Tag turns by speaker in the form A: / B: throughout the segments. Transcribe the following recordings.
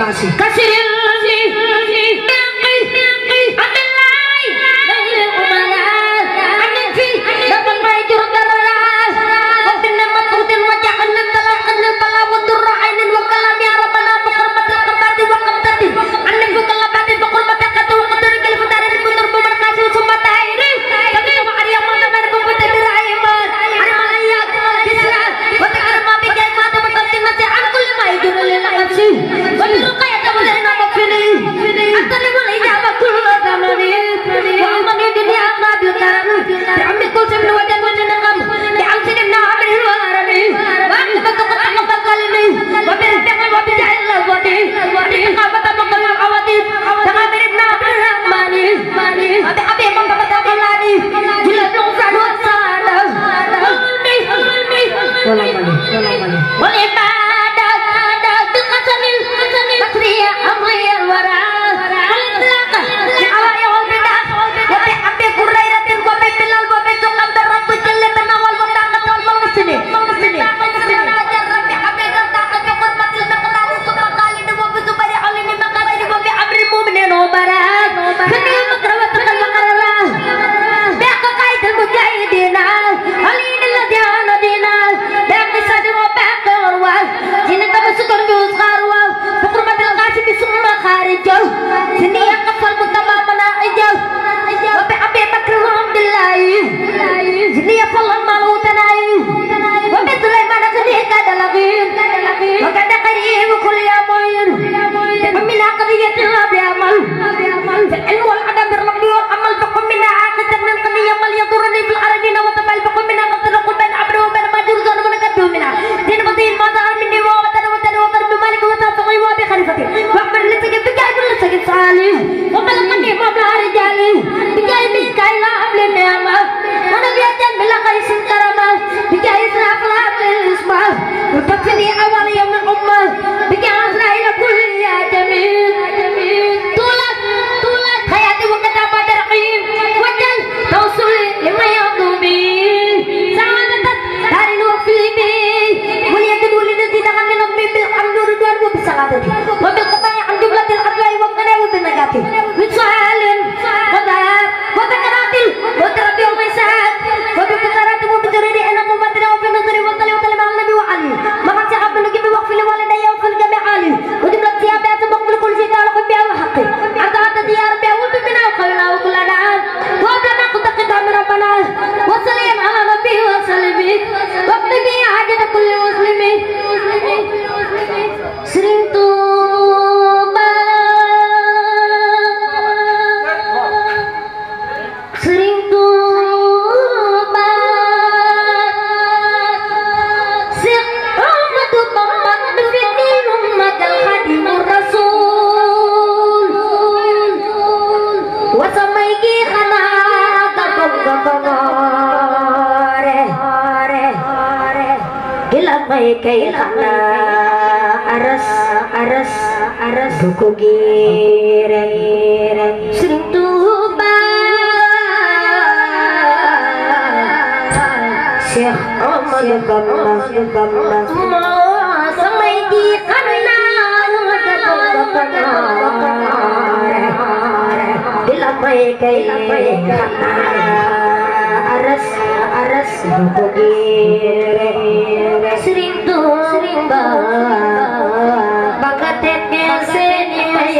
A: Casi. Casi bien kay kana aras aras aras bukugiran sering tuba Syekh Ahmad Bambang Bambang sampai di aras aras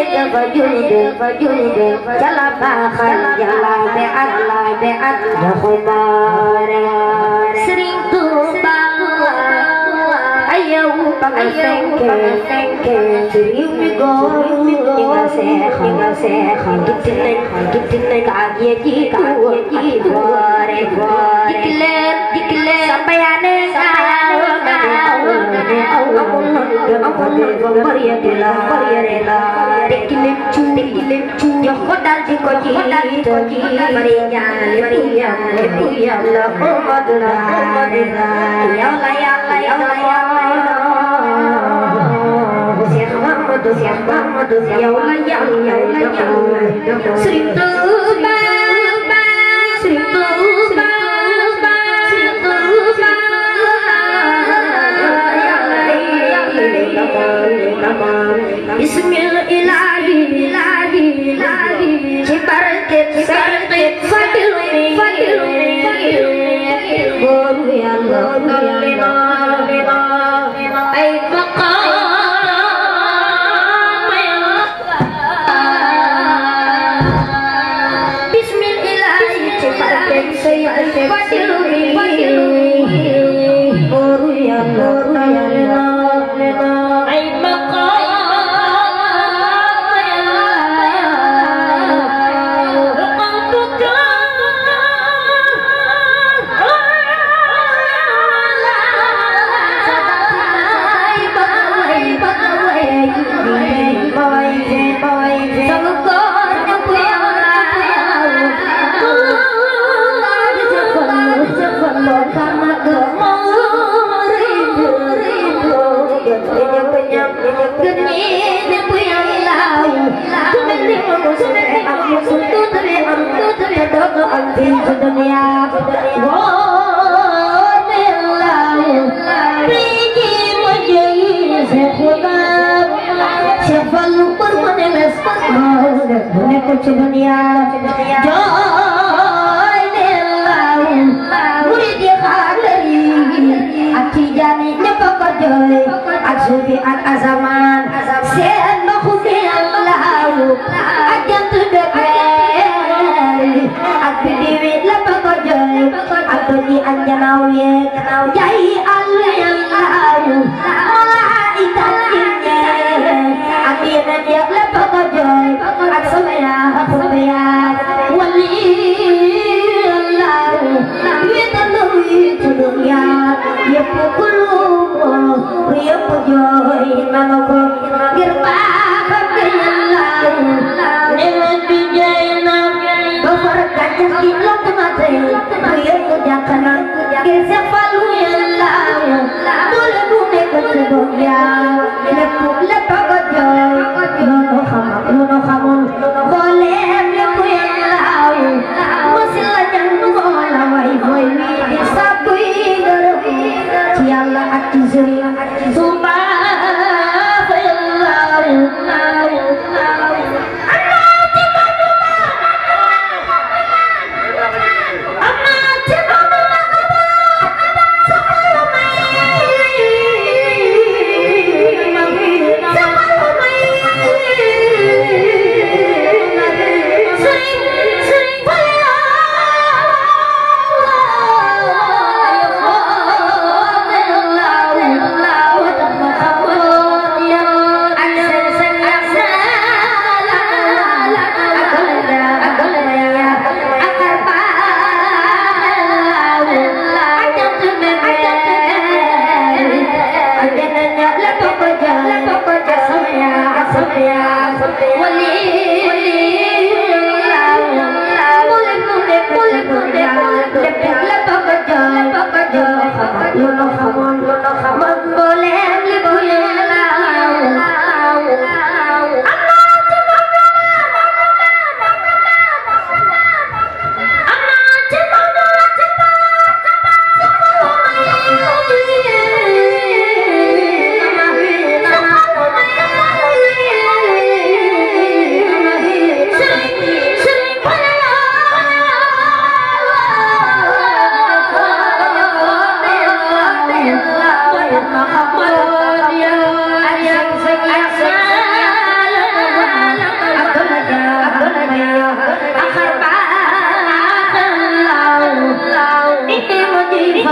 A: فجند فجند جلب خجلا بعدلا بعدلا خبارا سرين توبا أيو بغسنك سرين بغسنك سيخا سيخا جتنك جتنك عاديتي عاديتي بواري بواري دكلر دكلر سبيانك ko bariyate la bariyate la tekki leen cu tekki leen cu jox ko dal di ko ci dal di ko ci bari ñaan bari ñaan lépp yàlla Muhammad la Muhammad la yàlla yàlla yàlla yàlla Cheikh Mamadou Cheikh Mamadou yàlla yàlla yàlla Serigne Touba Serigne Touba Saturday. में कुछ दुनिया जो अखी जाने न पकड़ोए अक्षुभि अन अजमान से मखुफि अल्लाह अजंत बेकरी अखी दिवे न पकड़ोए अखुनि अंजनाओए जाई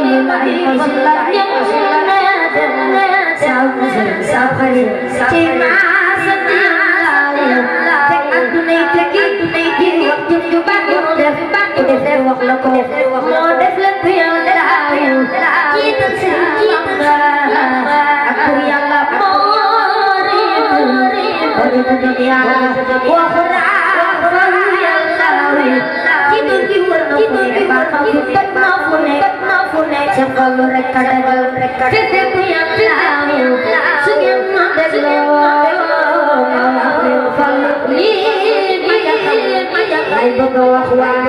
A: Aku yang lapor wah Bye.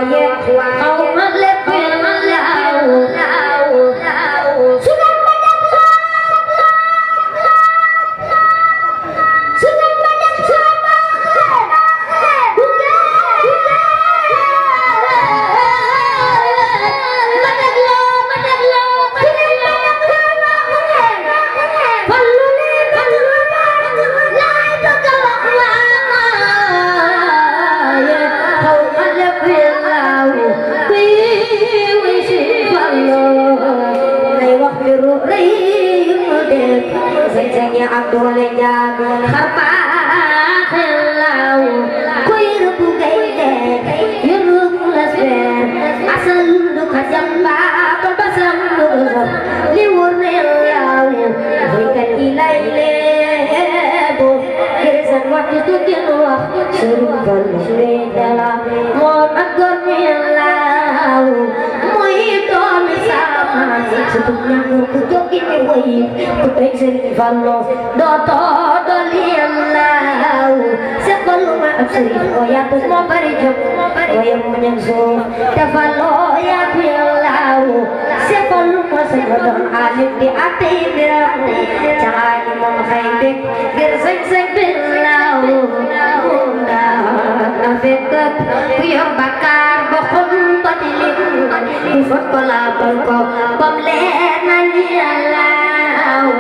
A: serukan bela mon agor melau sınırın alim bi ati bi ati Çalimun haybik bir zek zek billahu Nafikut kuyum bakar bokum patilim Kufut kola bulko pomle nanyalau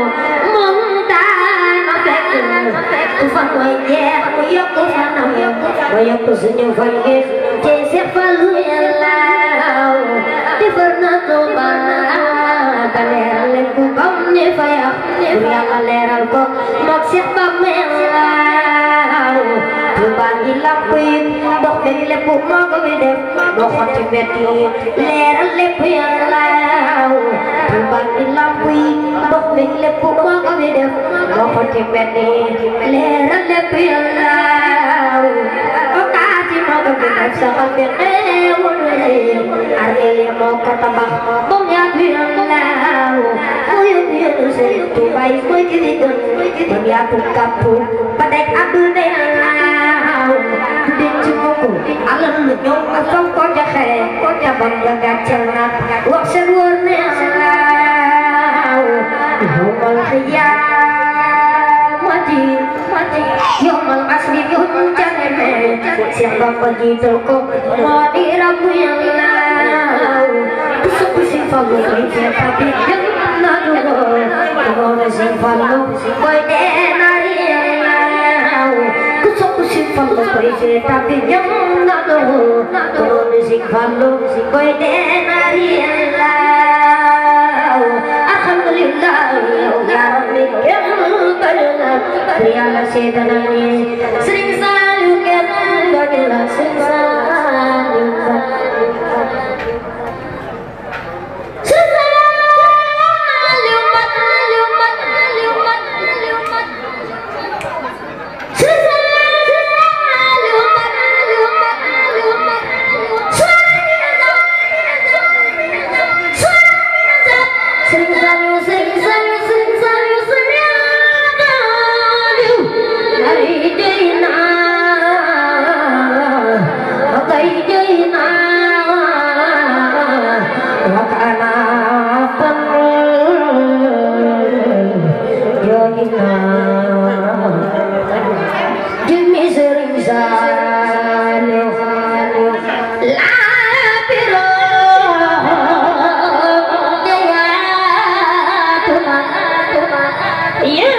A: Mungta nafikut Kufan wajeh kuyuk kufan nauyuk Wajah kusunyum wajeh Jesef falu yalau Tifernatu barna te leeral leen ko bam ne fa yàq bu yàlla leeral ko moog si bàmmeel Tuubaa ngi làmp yi dox beeg lépp moo ko fi def moo xotti mbedd yi leeral lépp yàlla Tuubaa ngi làmp yi dox beeg lépp moo ko fi def moo xotti mbedd yi leeral lépp yàlla okaati moo ko fi def saxal bi xeewul armeel yi moo ko tabax tụi bay mới cái đi đường mới cái thằng nhà cùng cặp cùng và đánh ăn đưa đây nào đi chung vô cùng ăn lần lượt nhau ăn xong có nhà khè có nhà bằng là gạt chân là hoặc sẽ luôn nào hôm mà khi ya mà gì mà gì yo mà bắt đi yo chân em mẹ xem bằng bằng gì đâu có mà đi ra nào xin phong lục lấy tiền ta biết nhất là đồ đồ đồ xin phong lục bởi thế là đi cứ sống xin phong lục lấy tiền ta biết nhất là đồ đồ đồ xin phong lục bởi thế là đi الحمد لله يا رب يا سيدنا yeah.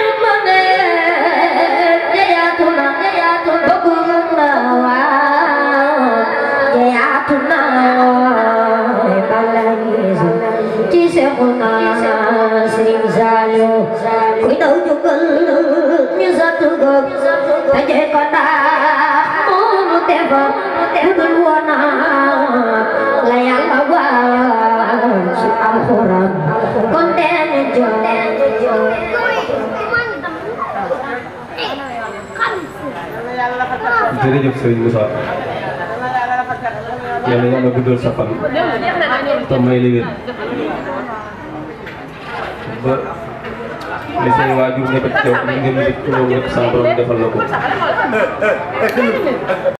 A: jërëjëf Serigne Moussa yàlla yàlla guddal sa fan te may la wér ba li say waajur nekk ci yow li nga mujj ci loolu rek sa borom defal la ko.